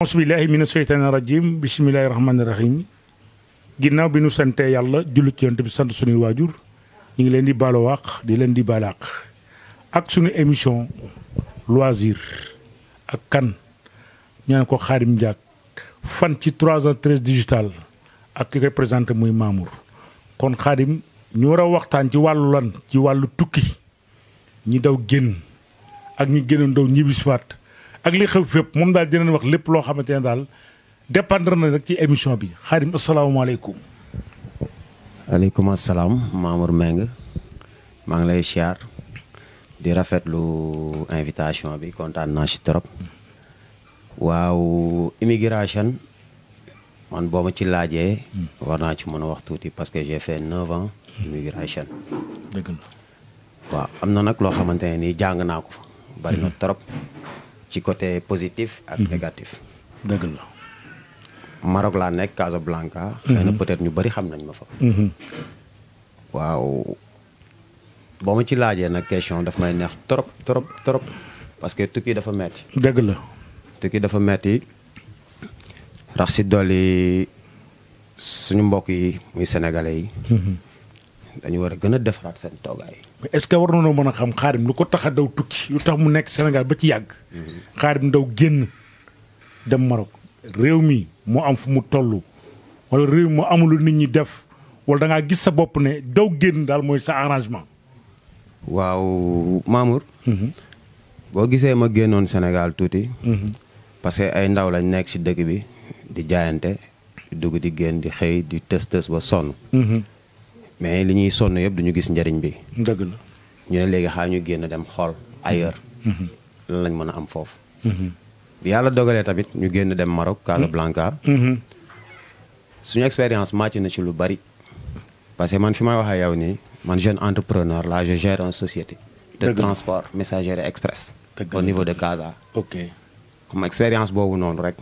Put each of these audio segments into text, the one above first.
bismillahi mina seytaani rajim bismillahi rahmaani rahim ginnaaw bi nu sante yàlla jullit yonte bi sant suñuy waajur ñu ngi leen di baalowaax di leen di baalaaq ak suñu émission loisir ak kan ñaan ko Xaadim Njaak fan ci 313 digital ak ki koy présenté muy Mamour kon Xaadim ñu war a waxtaan ci wàllu lan ci wàllu tukki ñi daw génn ak ñi génnoon daw ñibbisiwaat ak li xew fépp moom daal dinañ wax lépp loo xamante ne daal dépendre na rek ci émission bi xaadim asalaamaaleykum. aleykum asalaam Mamour Meng maa ngi lay siyaar di rafetlu invitation bi kontaan naa si trop. waaw immigration man boo ma ci laajee. Hmm. war naa ci mën a wax tuuti parce que j'ai fait neuf ans immigration. waaw am na nag loo xamante ne nii jàng naa ko fa. bari na hmm. trop. ci côté positif ak mhm. négatif. dëgg la. Maroc laa nekk Casablanca. Mhm. xëy na peut-être ñu bari xam nañ ma fa. Mhm. waaw boo ma ci laajee nag question daf may neex trop trop trop parce que tukki dafa metti dëgg la tukki dafa metti rax si dolli suñu mbokk yi muy sénégalais yi. dañu war a gën a defaraat seen toogaay. mais est-ce que war nañoo mën a xam Khadim lu ko taxa a daw tukki lu tax mu nekk Sénégal ba ci yàgg. Mm-hmm. Khadim ndaw génn dem Maroc. réew mi moo am fu mu tollu walla réew mi moo amul nit ñi def wala da gis sa bopp ne daw génn daal mooy sa arrangement. waaw Mamour. Mm-hmm. boo gisee ma génnoon Sénégal tuuti. Mm-hmm. parce que ay ndaw lañ nekk ci dëkk bi di jaayante di dugg di génn di xëy di tës tës ba sonn. mais li ñuy sonn yëpp duñu gis njariñ bi. dëgg ñu ne léegi xaa ñu génn dem xool ailleurs. Mm-hmm. lan lañ mën a am foofu. Mm-hmm. bi yàlla dogalee tamit ñu génn dem Maroc Casablanca. Mm-hmm. suñu expérience màcc na ci lu bari. parce que man fi may wax ak yow nii man jeune entrepreneur la je gère une société. de transport messagerie express. au niveau de Casa. ok comme expérience boobu noonu rek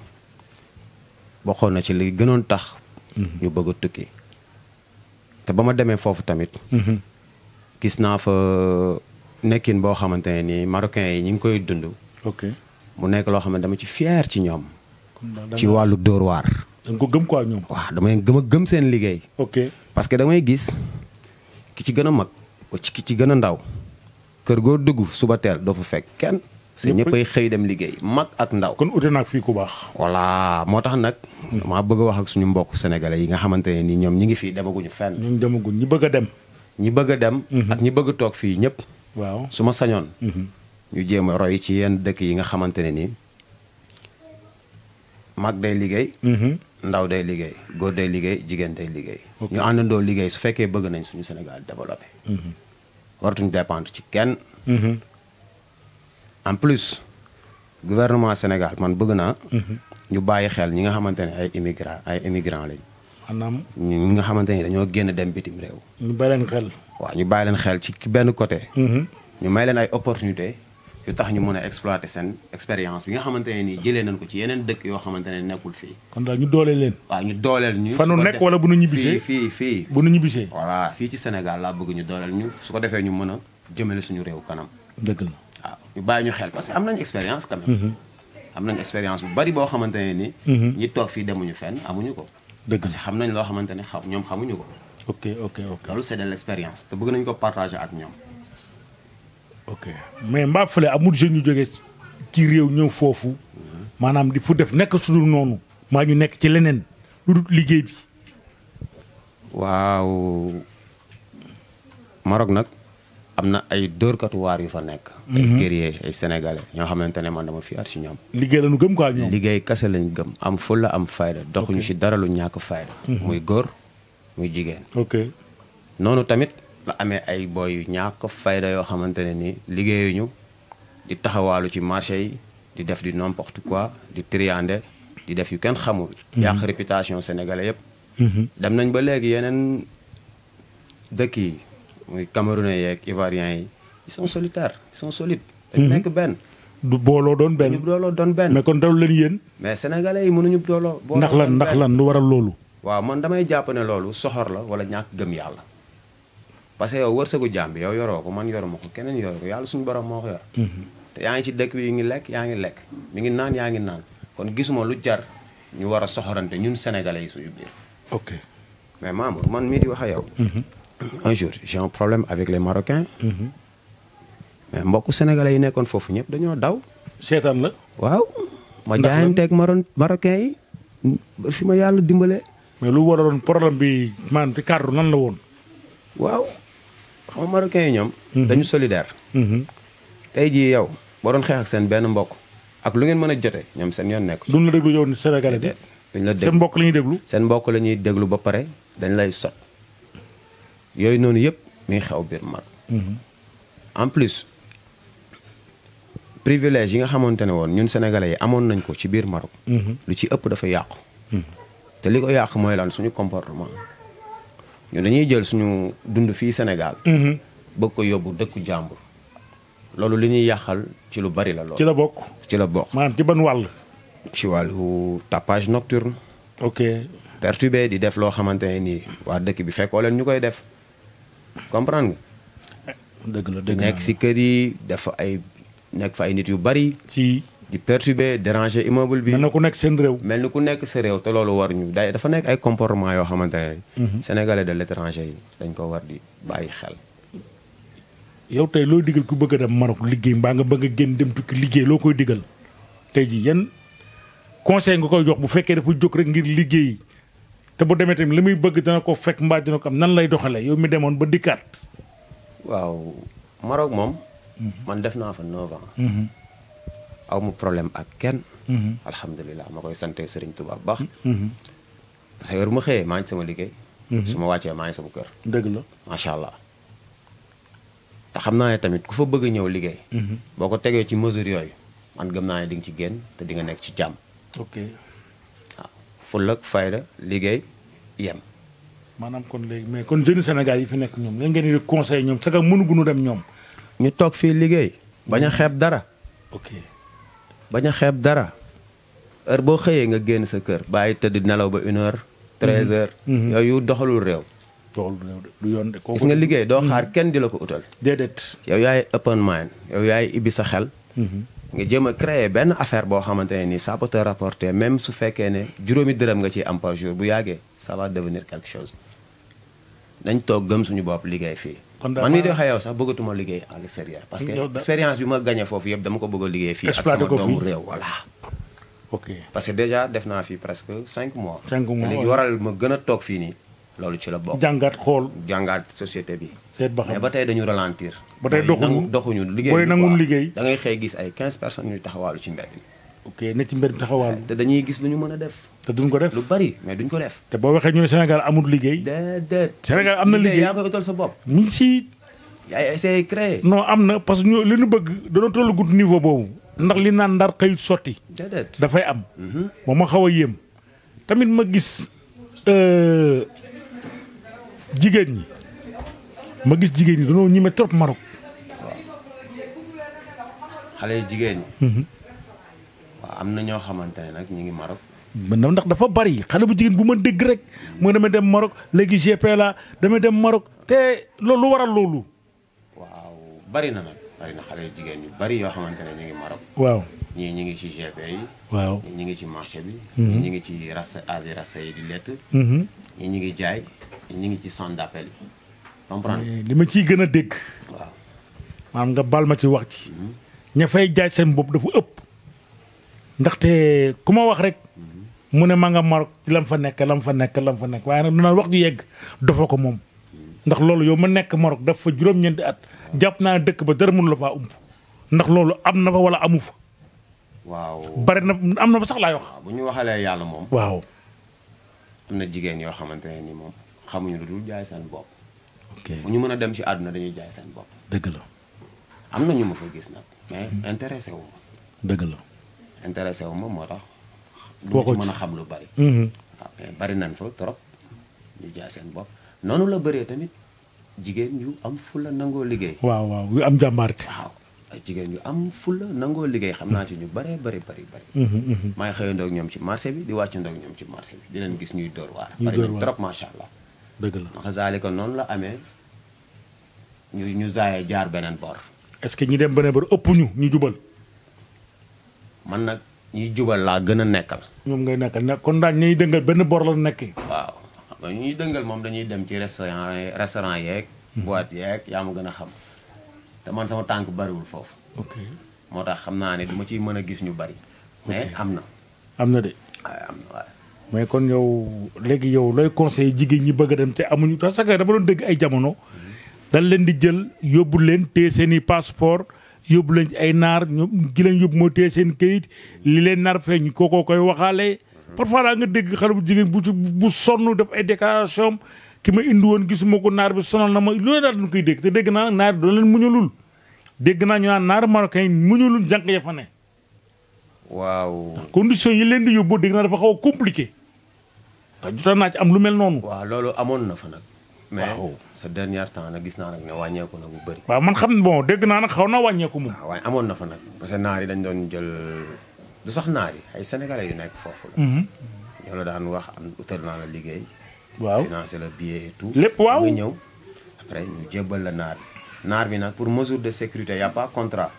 bokkoon na ci li gënoon tax. ñu bëgg a tukki. te ba ma demee foofu tamit. Mhm. gis naa fa nekkin boo xamante ne nii marocains yi ñu ngi koy dund. ok mu nekk loo xam ne dama ci fier ci ñoom. ci wàllu dóor waar. da ko gëm quoi ñoom. waaw damay gëm a gëm seen liggéey. ok parce que damay gis ki ci gën a mag ci ki ci gën a ndaw kër goo dugg suba teel doo fa fekk kenn. parce que ñëppay xëy dem liggéey mag ak ndaw. kon ute naag fii ku baax. voilà moo tax nag. maa bëgg wax ak suñu mbokk sénégalais yi nga xamante ne ni ñoom ñi ngi fii demaguñu fenn. ñoom demaguñ bëgg dem. ñi bëgg a dem. Mhm. ñi bëgg a toog fii ñëpp. waaw su ma sañoon. Mhm. ñu jéem a roy ci yenn dëkk yi nga xamante ne nii mag day liggéey. Mhm. ndaw day liggéey góor day liggéey jigéen day liggéey. ñu àndandoo liggéey su fekkee bëgg nañ suñu Sénégal développé. waratuñ dépendre ci kenn. en plus gouvernement Sénégal man bëgg naa. Mhm. ñu bàyyi xel ñi nga xamante ne ay immigrant ay immigrant lañ. maanaam ñi nga xamante ne dañoo génn dem bitim réew. ñu bàyyi leen xel. ñu bàyyi leen xel ci benn côté. Mhm. ñu may leen ay opportunité yu tax ñu mën a exploiter seen expérience bi nga xamante ne nii jëlee nañ ko ci yeneen dëkk yoo xamante ne nekkul fii. kon ñu dooleel leen. waaw ñu dooleel ñu. fa nu nekk wala bu nu ñibbisee fii fii bu nu ñibbisee. voilà fii ci Sénégal laa bëgg ñu dooleel ñu su ko defee ñu mën a jëmale suñu réew kanam. dëgg la. ñu bàyyi ñu xel parce que am nañu expérience mhm. am nañu expérience bu bari boo xamante ne ni. Mhm. ñi toog fii demuñu fen amuñu ko. dëgg parce xam nañ loo xamante ne xam ñoom xamuñu ko. ok ok ok loolu c'est de l'expérience te bëgg nañu ko partager ak ñoom. ok mais mbaa fële amul jeune yu jógee ci réew ñëw foofu mhm. maanaam di fu def nekk su dul noonu maa ñu nekk ci leneen lu liggéey bi. waaw Maroc nag. am na ay dóorkatu waar yu fa nekk. ay mhm. guerrier ay sénégalais ñoo xamante ne man dama fi at si ñoom. liggéey la ñu gëm quoi liggéey kese lañ gëm am fulla am fayda doxuñu si dara lu ñàkk fayda. Mhm. muy góor muy jigéen. noonu tamit la amee ay boy yu ñàkk fayda yoo xamante ne nii liggéeyuñu di taxawaalu ci marché yi di def di n'importe quoi di triande di def yu kenn xamul. Mhm. yàq réputation sénégalais yëpp. dem nañ ba léegi yeneen dëkk yi. muy Camerounais yeeg Ivoiriens yi ils sont solitaires ils sont solides. Mhm. du booloo doon benn du doon benn. kon dalul leen yéen. mais sénégalais yi mënuñu booloo. booloo ndax lan ndax lan lu waral loolu. waaw man damay jàpp ne loolu soxor la wala ñàkk gëm yàlla. parce que yow wërsëgu jàmm bi yow yoroo ko man yoruma ko keneen yoroo yàlla suñu borom moo ko mhm. te yaa ngi ci dëkk yi ngi lekk yaa ngi lekk mi ngi naan yaa ngi naan kon gisuma lu jar ñu war a soxorante ñun sénégalais yi suñu biir. ok mais Mamour man mii di wax ak yow. Mhm. un jour problème avec les Marocains. Mhm. mais mbokku sénégalais yi nekkoon foofu ñëpp dañoo daw. seetaan la. waaw ma jaayanteeg maroon Marocains yi fi ma yàlla dimbale. mais lu waroon problème bi maanaam ci cadre nan la woon. waaw xam nga yi ñoom. Mhm. dañu solidaire. Mhm. tey jii yow boo roon xeex ak seen benn mbokk ak lu ngeen mën a jote ñoom seen yoon nekk. duñ la déglu yow sénégalais bi. duñ la déglu seen mbokk la ñuy déglu. seen mbokk lañuy ñuy déglu ba pare dañ lay sot. yooyu noonu yëpp mi ngi xew biir mag mhm. en plus privilège yi nga xamante ne woon ñun sénégalais yi amoon nañ ko ci biir Maroc mhm. lu ci ëpp dafa yàqu mhm. te li ko yàq mooy lan suñu comportement ñun dañuy jël suñu dund fii senegal bëgg ko yóbbu dëkku jàmbur loolu li ñuy yàqal ci lu bari la loolu ci la bokk ci la bokk maanaam ci ban wàll ci wàllu tapage nocturne ok perturbé di def loo xamante ne nii waa dëkk bi fekkoo leen ñu koy def comprendre nga. dëgg la dëgg nekk si kër yi dafa ay nekk fa ay nit yu bari. ci di perturber déranger immeuble bi. mel na ku nekk seen réew. mel na ku nekk sa réew te loolu war ñu day dafa nekk ay comportement yoo xamante ne. Mhm. sénégalais de l'étranger yi dañ ko war di bàyyi xel. yow tey loo digal ku bëgg a dem Maroc liggéey mbaa nga bëgg a génn dem tukki liggéey loo koy digal tey ji yan conseil nga koy jox bu fekkee dafa jóg rek ngir liggéey te bu demee tamit li muy bëgg dana ko fekk mbaa dina ko am nan lay doxalee yow mi demoon ba dikkaat. waaw Maroc moom. Mhm. man def naa fa 9 ans. Mhm. aw mu problème ak kenn. Mhm. alhamdulilah ma koy sante Serigne Touba bu baax. parce que ma xëyee maa sama liggéey. su ma wàccee maa sama kër. dëgg la macha allah. te xam naa ne tamit ku fa bëgg ñëw liggéey. boo ko tegee ci mesure yooyu man gëm naa ne di nga ci génn te di nga nekk ci jàmm. fulla ak fayda liggéey yem. maanaam kon léegi mais kon jeunes senegal yi fi nekk ñoom lan ngeen di conseil ñoom ca nga nu dem ñoom. ñu toog fii liggéey. bañ a hmm. xeeb dara. ok bañ a xeeb dara. heure boo xëyee nga génn sa kër. bàyyi tëdd nelaw ba une heure. treize hmm. heures. Hmm. doxalul réew. doxalul réew du yoon de gis nga liggéey doo xaar kenn di la ko utal. déedéet. yow yaay open mind yow yaay ibbi sa xel. nga jëm a créer benn affaire boo xamante ne nii ça peut te rapporter même su fekkee ne juróomi dërëm nga ciy am par jour bu yàggee ça va devenir quelque chose dañ toog gëm suñu bopp liggéey fii. man mii di waxee yow sax bëggatuma liggéey à l'extérieur parce que expérience bi ma gagné foofu yëpp dama ko bëgg a liggéey fii. ak sama doomu réew voilà. ok parce que déjà def naa fii presque cinq mois. 5 mois te léegi waral ma gën a toog fii nii. loolu ci la bokk jàngaat xool jàngaat société bi. seet ba xam mais ba tey dañu ralentir. ba tey doxuñu doxuñu liggéey booy nangu liggéey. da ngay xëy gis ay 15 personnes ñuy taxawaalu ci mbedd mi. ok ne ci mbedd mi taxawaalu. te dañuy gis lu ñu mën a def. te duñ ko def lu bari mais duñ ko def. te boo waxee ñu ne Sénégal amul liggéey. déedéet Sénégal am na liggéey yaa koy utal sa bopp. mu ngi si. yaa essayé créé. non am na parce que ñu li ñu bëgg dañoo toll gudd niveau boobu. ndax li naan ndar xëyut sotti. déedéet dafay am. Mhm. moom ma xaw a yéem tamit ma gis euh, jigéen ñi ma gis jigéen ñi dañoo ñime trop Maroc. waaw xale yu jigéen ñi. Mhm. am na ñoo xamante ne nag ñu ngi Maroc. man ndax dafa bari xale bu jigéen bu ma dégg rek moo mm. damay dem Maroc léegi GP la damay dem Maroc te loolu lu waral loolu. waaw bari na nag bari na xale yu jigéen ñu bari yoo xamante ne ñu ngi Maroc. waaw ñii ñu ngi ci GP yi. waaw ñii ñu ngi ci marché bi. Mhm. ñii ñu ngi ci rasta asi rasta yi di lett. Mhm. ñii ñu ngi jaay. ñu ngi ci centre li ma ciy gën a dégg. waaw maanaam nga baal ma ci wax ci. Mhm. ña fay jaay seen bopp dafa ëpp. ndaxte ku ma wax rek. Mhm. mu ne ma nga Maroc ci lam fa nekk lam fa nekk lam fa nekk waaye nag dina wax ju yegg dafa ko moom. Mhm. ndax loolu yow ma nekk Maroc daf fa juróom-ñeenti at. jàpp naa dëkk ba dara mënu la faa ump. ndax loolu am na fa wala amu fa. waaw bari na am na ba sax laay wax. bu ñu waxalee yàlla moom. waaw. na jigéen yoo xamante xamuñu lu dul jaay seen bopp. fu ñu mën a dem ci àdduna dañuy jaay seen bopp. dëgg la. am na ñu ma fa gis nag mais intéressé wu ma. dëgg la. intéressé wu ma moo tax. waxoo mën a xam lu bari. waaw mm-hmm. ah, mais bari nañ fa trop ñu jaay seen bopp noonu la bëree tamit jigéen yu am fulla nangoo liggéey. waaw waaw yu am jàmbaarte. waaw ay jigéen yu am fulla nangoo liggéey xam naa ci ñu bëree bëri bëri bëri. maay xëyandoog ñoom ci marché bi di wàccandoog ñoom ci marché bi di leen gis ñuy dóor waar. ñuy bari nañ trop macha allah. dëgg la xasaalika noonu la amee ñu ñu zaayee jaar beneen bor. est-ce que ñi dem beneen bor ëpp ñu ñu jubal. man nag ñi jubal laa gën a nekkal. ñoom ngay nekkal ne kon daal ñuy dëngal benn bor la nekkee. waaw xam nga ñuy dëngal moom dañuy dem ci restaurant restaurant yeeg. Mhm. boîte yeeg yaa ma gën a xam. te man sama tànk bariwul foofu. moo tax xam naa ne duma ciy mën a gis ñu bari. mais am na. am na de. mooy kon yow léegi yow looy conseil jigéen ñi bëgg a dem te amuñu parce que dafa doon dégg ay jamono dañ leen di jël yóbbu leen te seen i passeport yóbbu leen ay naar ñoom ki leen yóbbu moo téye seen kayit li leen naar feeñ kookoo koy waxaale. parfois daa nga dégg xale bu jigéen bu bu sonn def ay déclaration ki ma indi woon gisuma ko naar bi sonal na ma loolu daal dañ koy dégg te dégg naa naar doon leen muñalul dégg naa ñu naan naar marocain muñalul jànq ya fa ne waaw condition yi leen di yóbbu dégg naa dafa xaw a compliqué. ndax jotoon naa ci am lu mel noonu. waaw loolu amoon na fa nag. mais sa dernier temps nag gis naa nag ne wàññeeku na bu bëri. waaw man xam bon dégg naa nag xaw na wàññeeku moom. Ah, waaye amoon na fa nag parce naar yi dañ doon jël du sax naar ay sénégalais yu nekk foofu la. Mhm. ñoo la daan wax am utal la liggéey. waaw financé la billet tout. lépp waaw mu ñëw après ñu la naar bi. naar bi nag pour mesure de sécurité y' a pas contrat.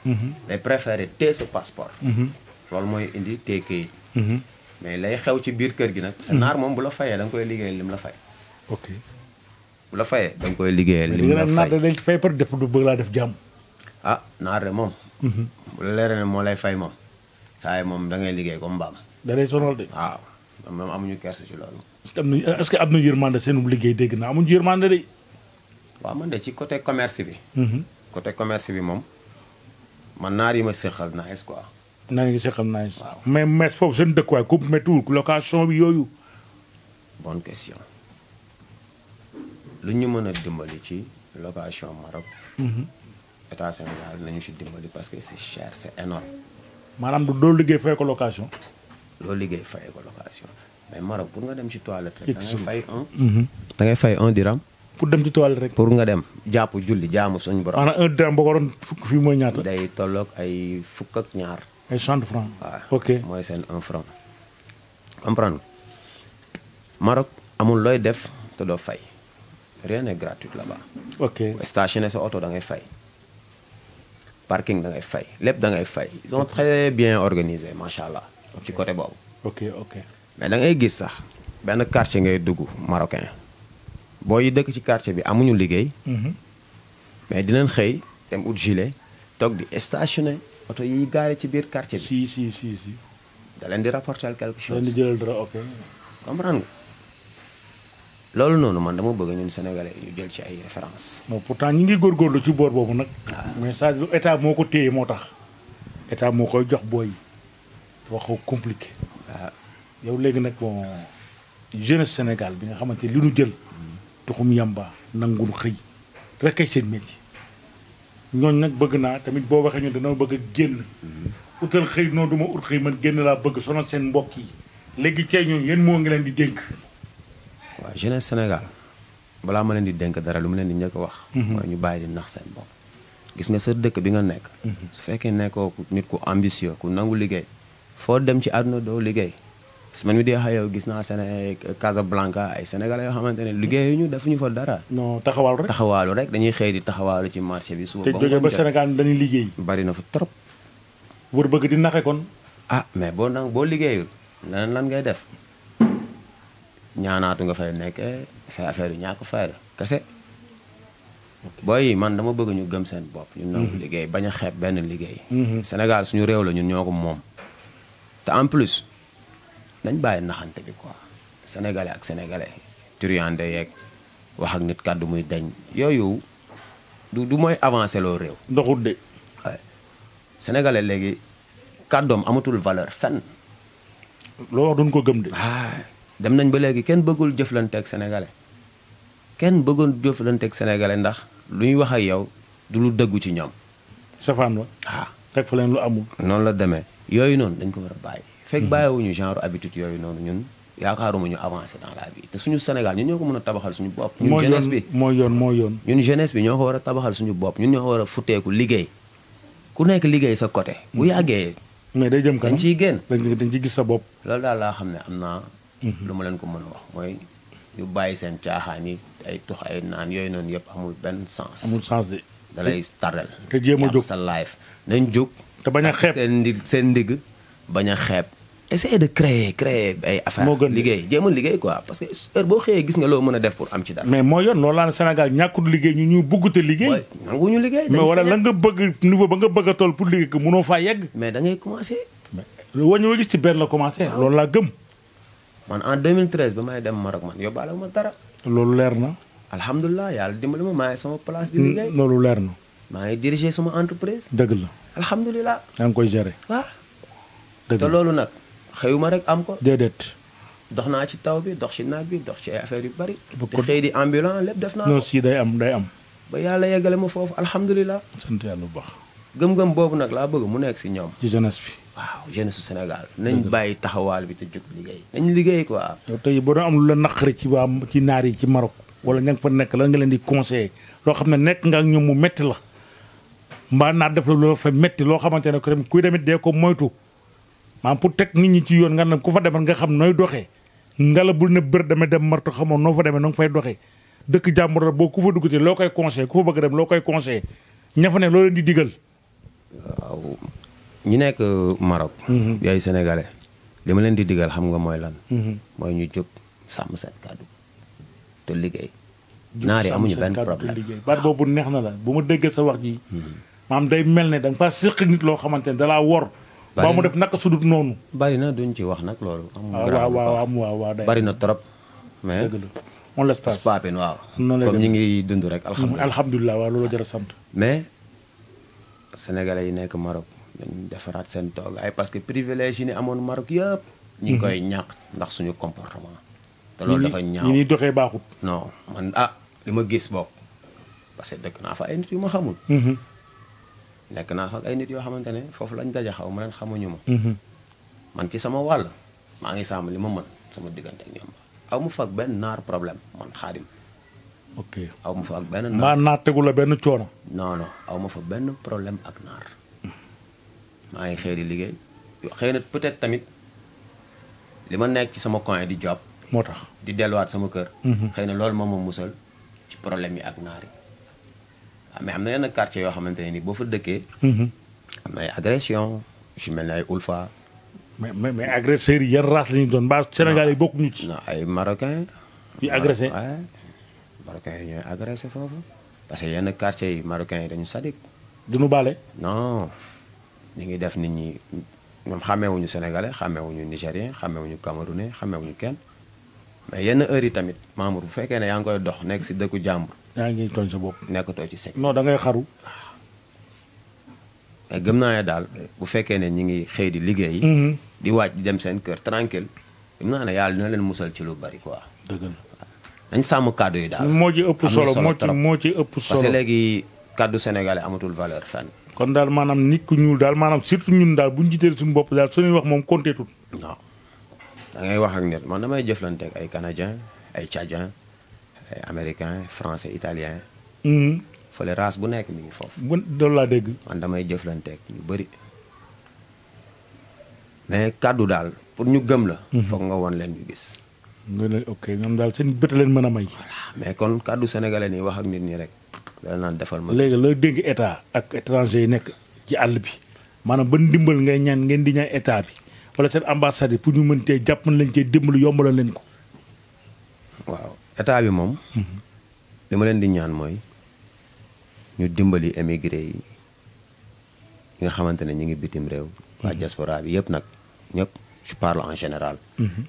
day préféré téye sa passeport. Mhm. loolu mooy indi téye këyit mhm. mais lay xew ci biir kër gi nag parce mhm. naar moom bu la fayee danga koy liggéeyal lim la fay ok bu la fayee da nga koy liggéeyal lim la fay dañ fay par def du bëgg laa def jàmm ah naar de moom mhm. bu la leeree moo lay fay moom saa yi moom da ngay liggéey comme mbaam da lay sonal de waaw moom amuñu kersa ci loolu est-ce que am na yërmande seenum liggéey dégg naa amuñu yërmande de waaw man de ci coté commerce bi côté commerce bi moom man naar yi ma séqal naa quoi na ngi seqal naa si. mais mais foofu seen dëkkuwaay ku méttiwul location bi yooyu. bonne question lu ñu mën a dimbali ci location Maroc. Mhm. état nañu si dimbali parce que c' maanaam du doo liggéey fay ko location. doo liggéey fay nga dem ci toilette rek. da ngay fay un. Mhm. da ngay fay un dirham. pour dem ci toilette rek. pour nga dem jàpp julli jaamu suñu borom. maanaam un dirham boo ko doon fukk fii mooy ñaata. day tolloog ay fukk ak ñaar. ay 60 francs waaw ok mooy seen 1 franc. comprendre Maroc amul looy def te doo fay rien n'est gratuit là ok stationné sa oto da ngay fay. parking da ngay fay lépp da ngay fay ils sont très bien organisés macha allah. ci côté boobu. ok mais da ngay gis sax benn quartier ngay dugg marocain booy dëkk ci quartier bi amuñu liggéey. Mhm. mais dinañ xëy dem ut gilet toog di stationné. oto yi gaare ci biir quartier bi. si si si si. da leen di rapporter quelque chose. da leen di jëlal dara ok. comprendre loolu noonu man dama bëgg ñun sénégalais ñu jël ci ay référence non pourtant ñi ngi góorgóorlu ci boor boobu nag. message ah. mais état moo ko téye moo tax. état moo koy jox booy wax ko compliqué. Ah. yow léegi nag bon jeunesse Sénégal bi nga xamante li nu jël. Hmm. tuxum yamba nangu xëy rek kay seen métier. ñooñ nag bëgg naa tamit boo waxee ñun dana bëgg a génn utal xëy noo duma ut xëy man génn laa bëgg sonal seen mbokk yi léegi cee ñoom yéen moo ngi leen di dénk waaw jeunesse Sénégal balaa ma leen di dénk dara lu ma leen di njëkk a wax mhm. mooy ñu bàyyi di nax seen bopp gis nga sa dëkk bi nga nekk mhm. su fekkee nekkoo nit ku ambitieux ku nangu liggéey foo dem ci àdduna doo liggéey parce que man mi di wax yow gis naa Séné Casablanca ay sénégalais yoo xamante ne liggéeyuñu defuñu fa dara. non taxawaalu rek rek dañuy xëy di taxawaalu ci marché bi. suba ba te jóge ba bari na fa trop. bëgg di naxe kon. Ah, mais boo nang boo liggéeyul leneen lan ngay def ñaanaatu nga fay nekkee fay affaire yu ñàkk fay kese. booy man dama bëgg ñu gëm seen bopp. ñu mhm. liggéey bañ a benn liggéey. Mhm. Sénégal suñu réew la ñun ñoo ko moom. te en plus nañ bàyyi naxante bi quoi sénégalais ak sénégalais turiande yeeg wax ak nit kàddu muy dañ yooyu du mooy avancé loo réew. ndoxul léegi kàddoom amatul valeur fenn. loo ko gëm dem nañ ba léegi kenn bëggul jëflanteeg sénégalais kenn bëggul jëflanteeg sénégalais ndax lu ñuy wax a yow du lu dëggu ci ñoom. safaan wa. waaw ah. teg fa leen lu amul. noonu la demee yooyu noonu dañ ko war a bàyyi. fekk mhm. bàyyiwuñu genre habitude yooyu noonu ñun yaakaaruma ñu avancé dans la vie te suñu senegal ñun ñoo ko mën a tabaxal suñu bopp ñun jeunesse bi mooy yoon mooy ñun jeunesse bi ñoo ko war a tabaxal suñu bopp ñun ñoo ko war a futteeku liggéey ku nekk liggéey sa côté bu mhm. yàggee mais day jëm kanam dañ ciy génn dañ ciy gis sa bopp loolu daal laa xam ne am naa mhm. lu ma leen ko mën a wax mooy ñu bàyyi seen caaxaan yi ay tux ay naan yooyu noonu yëpp amul benn sens amul sens da lay jéem a jóg sa life dañ jóg te bañ a xeeb seen seen ndig bañ a xeeb essayer de créer créer ay moo gën liggéey jéemal liggéey quoi parce que heure boo xëyee gis nga loo mën a def pour am ci dara. mais moo yoon loolu laa Sénégal ñàkkul liggéey ñu ñu bëggut a liggéey. mooy nanguwuñu liggéey. mais wala la nga bëgg niveau ba nga bëgg a toll pour liggéey ko mënoo faa yegg. mais da ngay loolu laa gëm. man en 2013 ba may dem Maroc man yóbbaale ma dara. loolu leer na. alhamdulilah yàlla dimbali ma maa ngi sama place. di liggéey hmm, loolu leer na. maa ngi diriger sama entreprise. dëgg la alhamdulilah. yaa ngi koy gérer. waaw dëgg la te loolu ma rek am ko. déedéet. dox naa ci taw bi dox ci naaj bi dox ci ay affaire yu bari. te xëy di ambulant lépp def naa ko. day am day am. ba yàlla yeggale ma foofu alhamdulilah. sant yàlla bu baax. gëm-gëm boobu nag laa bëgg mu nekk si ñoom. ci jeunesse bi. waaw jeunesse su nañ bàyyi taxawaal bi te jóg liggéey. nañ liggéey quoi. yow tey boo doon am lu la naqari ci waa ci naar yi ci Maroc. wala ña nga fa nekk lan nga leen di conseillé loo xam ne nekk nga ak ñoom mu métti la mbaa naar def la loo fa métti loo xamante ne kuy demit dee ko moytu maam pour teg nit ñi ci yoon nga ne ku fa demal nga xam nooy doxee ngala bu ne bër dama dem marto xamoo noo fa demee noo fay doxee dëkk jàmbur la boo ku fa duggati loo koy conseillé ku fa bëgg dem loo koy conseillé ña fa ne loo leen di digal. nekk euh, Maroc. Mhm. yooyu sénégalais leen di digal xam nga mooy lan. Mhm. mooy ñu jóg sàmm seen kàddu te liggéey. naar yi amuñu benn problème baat boobu neex na la bu ma déggee sa wax ji. Mhm. maam day mel ne da nga faa nit loo xamante ne da wor. baa mu def naka sudut noonu. bari na duñ ci wax nag loolu. amul ah, garaaw bari na trop. mais on l'espace paapin waaw. comme ñu ngi dund rek. alhamdulilah waaw loolu jar a sant. mais sénégalais yi nekk Maroc dañu defaraat seen toogaay parce que privilège yi ni amoon Maroc yëpp. ñu ngi mhm. koy ñàkk ndax suñu comportement. te loolu dafa ñaaw ñi ñuy doxee baaxut. non man ah li ma gis bokk parce que dëkk naa fa ay nit yu ma xamul. Mhm. nekk naa ak ay nit yoo xamante ne foofu lañ daja xaw ma leen xamuñu ma. Mhm. man ci sama wàll maa ngi sàmm li ma mën sama diggante ak ñoom aw ak benn naar problème man aw ma fa ak benn naar naar tegu la benn coono. non non aw ma benn problème ak naar. maa ngi xëy liggéey xëy na peut-être tamit li ma nekk ci sama coin di job moo tax di delluwaat sama kër. Mhm. xëy na loolu moom ma musal ci problème yi ak naar mais am na yenn quartier yoo xamante ne ni boo fa dëkkee. Mhm. am na ay agression yu mel ne ay ulfa. mais mais mais agresseurs yi yan race la ñuy doon mbaa Sénégal yi bokkuñu ci. non ay marocain. yu agressé waaw marocain yi ñooy agressé foofu. parce que yenn quartier yi marocain yi dañu sadik. duñu baale. non ñu ngi def nit ñi ñoom xàmmeewuñu sénégalais xàmmeewuñu nigérien xàmmeewuñu camerounais xàmmeewuñu kenn mais yenn heure yi tamit membre bu fekkee ne yaa ngi koy dox nekk si dëkku jàmbur. yaa ngi tooñ sa bopp. nekkatoo ci sëñ. non da ngay xaru. mais eh, gëm naa ne daal bu fekkee ne ñu ngi xëy di liggéey. Mm-hmm. di waaj di dem seen kër tranquille gëm naa ne yàlla dina leen musal ci lu bari quoi. dëgg la nañ sàmm kàddu yi daal. moo ci ëpp solo moo ci moo ci ëpp solo. parce léegi kàddu sénégalais amatul valeur fenn. kon daal maanaam nit ku ñuul daal maanaam surtout ñun daal bu ñu jiiteel suñu bopp daal suñuy wax moom compté tut. da ngay wax ak nit man damay jëflante ay canadien ay ay américain français italien. Hmm. fële race bu nekk mi ngi foofu. bu doon laa dégg. man damay jëflanteeg ñu bëri. mais kàddu daal pour ñu gëm la. Hmm. foog nga woon leen ñu gis. ok ñoom daal seen bët leen mën a may. mais kon kàddu sénégalais nii wax ak nit ñi rek. dana naan defal ma. léegi looy dégg état ak étranger yi nekk ci àll bi maanaam ban ndimbal ngay ñaan ngeen di ñaan état bi wala seen ambassade yi pour ñu mën cee jàpp lañ cee dimbalu yombalal leen ko. waaw état bi moom. li ma leen di ñaan mooy ñu dimbali émigré yi ñi nga xamante ne ñu ngi bitim réew. waa diaspora bi yëpp nag ñëpp je parle général.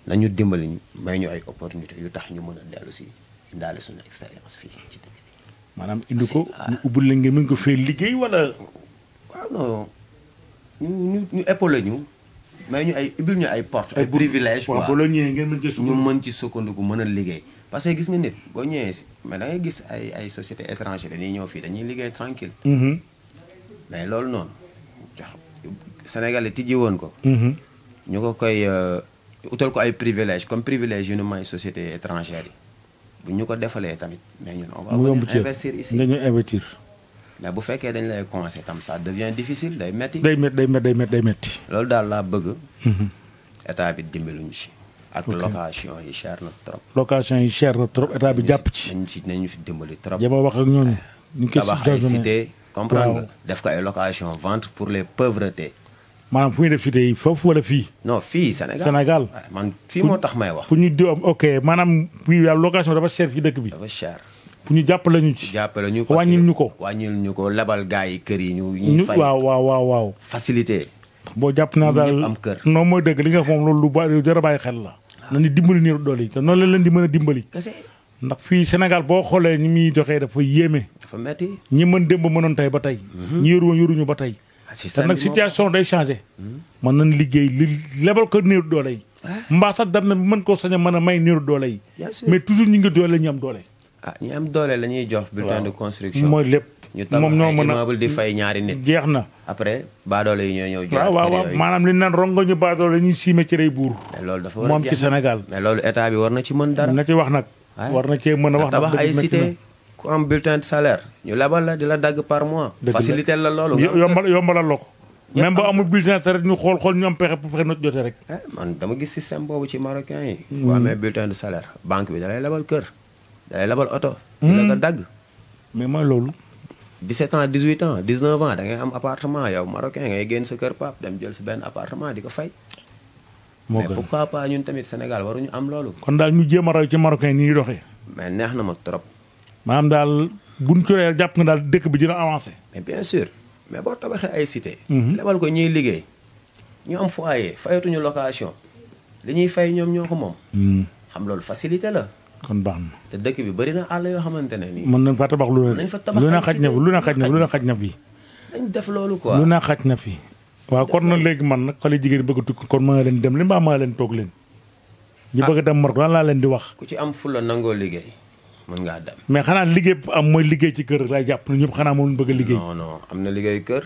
nañu dimbali may ñu ay opportunité yu tax ñu mën a dellu si indaale suñu expérience fii indi ko ñu ah. ubbul la ngeen mën ko fee liggéey wala. waaw non ñu ñu ñu may ñu ay ubbil ñu ay porte ay privilège quoi waaw boo la ñëwee ngeen mën ci sukkandiku ñu mën ci sukkandiku mën a liggéey. parce que gis nga nit boo ñëwee si mais da gis ay ay société étranger dañuy ñëw fii dañuy liggéey tranquille mm-hmm. mais loolu noon jox Sénégalais tijji woon ko mm-hmm. ñu ko koy euh, utal ko ay privilège comme privilège yu nu may société étrangère yi bu ñu ko defalee tamit mais ñu on va investir ici dañu investir mais bu fekkee dañ lay commencé tam ça devient difficile day metti day metti day metti day metti loolu daal laa bëgg mm-hmm. état bi dimbaluñu ci ak location yi cher na trop. location yi cher na trop état bi jàpp ci. nañ ci nañu fi dimbali trop. jéem a wax ak ñooñu. ñu ngi tabax ay cité comprendre nga def ko ay location vente pour les pauvretés. maanaam fu ñuy def cité yi foofu wala fii. non fii Sénégal Sénégal. man fii moo tax may wax. pour ñu di ok maanaam fii yàlla location dafa cher fii dëkk bi. dafa cher. pour ñu jàppale ñu ci. jàppale ñu parce que wàññil ñu ko. wàññil ñu ko labal gars yi kër yi ñu. ñu fay waaw waaw waaw. facilité. boo jàpp naa daal am kër. non mooy dëgg li nga xam moom loolu lu ba lu jar a bàyyi xel la. na nañu dimbali néew doole yi te noonu la leen di mën a dimbali. ndax fii Sénégal boo xoolee ni muy doxee dafa yéeme. dafa metti ñi mën démb mënoon tey ba tey. Mhm. ñi yoru woon yoruñu ba tey. Ah, te nag situation day changé. Mhm. mën nañ liggéey li lebal ko néew doole yi. Ah. mbaa sax dam na mën koo sañ a mën a may néew doole yi. mais toujours ñi ngi doole ñu am doole. ah la ñuy jox. bulletin de construction lépp. ñu moom noo mën a di fay ñaari nit jeex na après baadoole yi ñoo ñëw waaw waaw maanaam li naan rongo ñu baadoole ñu siime ci rey buur loolu dafa moom ci Sénégal mais loolu état bi war na ci mën dara na ci wax nag war na cee mën a wax tabax ay cité ku am bulletin de salaire ñu labal la di la dagg par mois facilité la loolu yombal yombalal la ko ba amul bulletin de salaire ñu xool xool ñu am pexe pour fexe not jotee rek eh, man dama gis système boobu ci marocain yi boo hmm. amee bulletin de salaire banque bi dalay labal kër dalay labal oto hmm. di la ko dagg mais 17 ans 18 ans 19 ans da ngay am appartement yow marocain ngay génn sa kër pap dem jël sa benn appartement di ko fay. moo gën mais pourquoi pas ñun tamit Sénégal waruñu am loolu. kon daal ñu jéem a raw ci marocain ni ñuy mais neex na ma trop. maanaam daal bu ñu curee jàpp nga daal dëkk bi dina avancé. mais bien sûr mais boo tabaxee ay cité. Mhm. lebal ko ñuy liggéey ñu am foyer fayatuñu location li ñuy fay ñoom ñoo ko mhm. xam loolu facilité la. kon baax na. te dëkk bi bari na àll yoo xamante ne mën nañ fa tabax lu ne. lu na xaj na fi lu na xaj na lu na xaj na fi. def loolu quoi lu na xaj na fi. waaw kon nag léegi man nag xale jigéen bëgg a tukki kon maa leen dem li mbaa maa leen toog leen. ñu ah. bëgg dem Maroc lan laa leen di wax. ku ci am fula nangoo liggéey mën ngaa dem. mais xanaa liggéey bi am mooy liggéey ci kër laay jàpp ne ñëpp xanaa moom bëgg a liggéey. non am na liggéey kër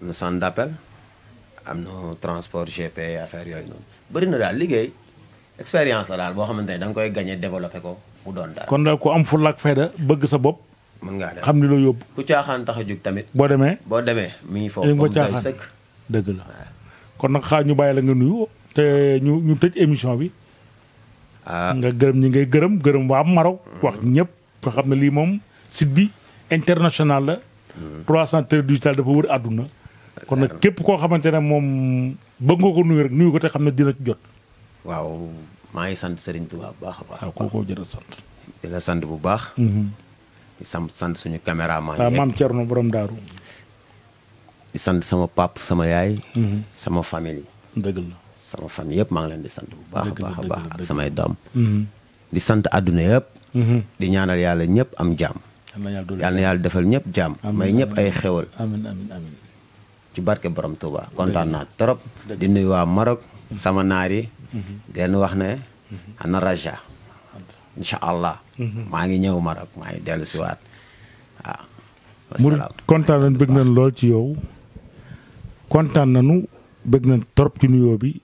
am na centre d'appel am na transport GP yooyu noonu bëri na daal liggéey expérience la daal boo xamante ne da nga koy gañee développé ko mu doon daal. kon daal ku am fulla ak fayda bëgg sa bopp. mën ngaa def xam ni loo yóbbu. ku caaxaan tax a jug tamit. boo demee boo demee mi ngi foofu comme day sëkk dëgg la kon nag ñu bàyyi la nga nuyu te ñu ñu tëj émission bi. Ah. nga gërëm ñi ngay gërëm gërëm waa Maroc. Mm. wax ñëpp nga xam ne lii moom site bi international la. 300 Télé Digital dafa wër àdduna. kon nag képp koo xamante ne moom bëgg nga ko nuyu rek nuyu ko te xam ne dina ci jot. waaw maa ngi sant sëriñ Touba bu baax a baax. waaw kooku jërëjëf sant. di la sant bu baax. Mhm. di sant sant suñu caméraman. waaw maam Thierno borom daaru sant sama pap sama yaay. Mhm. sama famille. dëgg la sama famille yëpp maa ngi leen di sant bu baax a baax a baax ak samay doom. Mhm. di sant àdduna yëpp. di ñaanal yàlla ñëpp am jàmm. yàlla na yàlla defal ñëpp jàmm. may ñëpp ay xewal. ci barke borom Touba kontaan naa trop. di nuyu waa Maroc. sama naar yi den wax na ana raja allah maa ngi ñëw Maroc maa ngi dellu si waat waaw mu kontaan nañ bëgg na lool ci yow kontaan nañu bëgg nañ trop ci nuyoo bi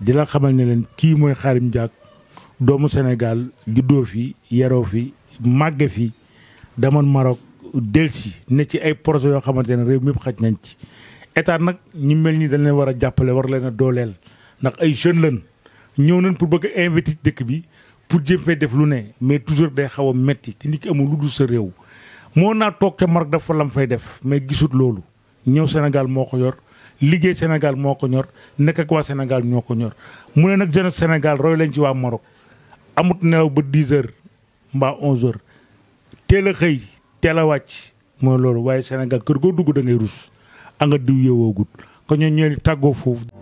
di la xamal ne leen kii mooy Xaadim Diack doomu Sénégal juddoo fi yaroo fi màgge fi demoon Maroc delsi ne ci ay projet yoo xamante ne réew mi yëpp xaj nañ ci état nag ñi mel ni dañ leen war a jàppale war leen a dooleel ndax ay jeunes lañ ñëw nañ pour bëgg a dëkk bi pour jéem fee def lu ne mais toujours day xaw a métti te nit ki amul lu dul sa réew. moo naa toog ca Maroc dafa lam fay def mais gisut loolu ñëw Sénégal moo ko yor liggéey Sénégal moo ko ñor nekk waa Sénégal ñoo ko ñor mu ne nag jeunesse Sénégal roy leen ci waa Maroc amut nelaw ba 10 heures mbaa 11 heures teel a xëy teel a wàcc mooy loolu waaye Sénégal kër goo dugg da ngay rus a nga diw yeewoo gut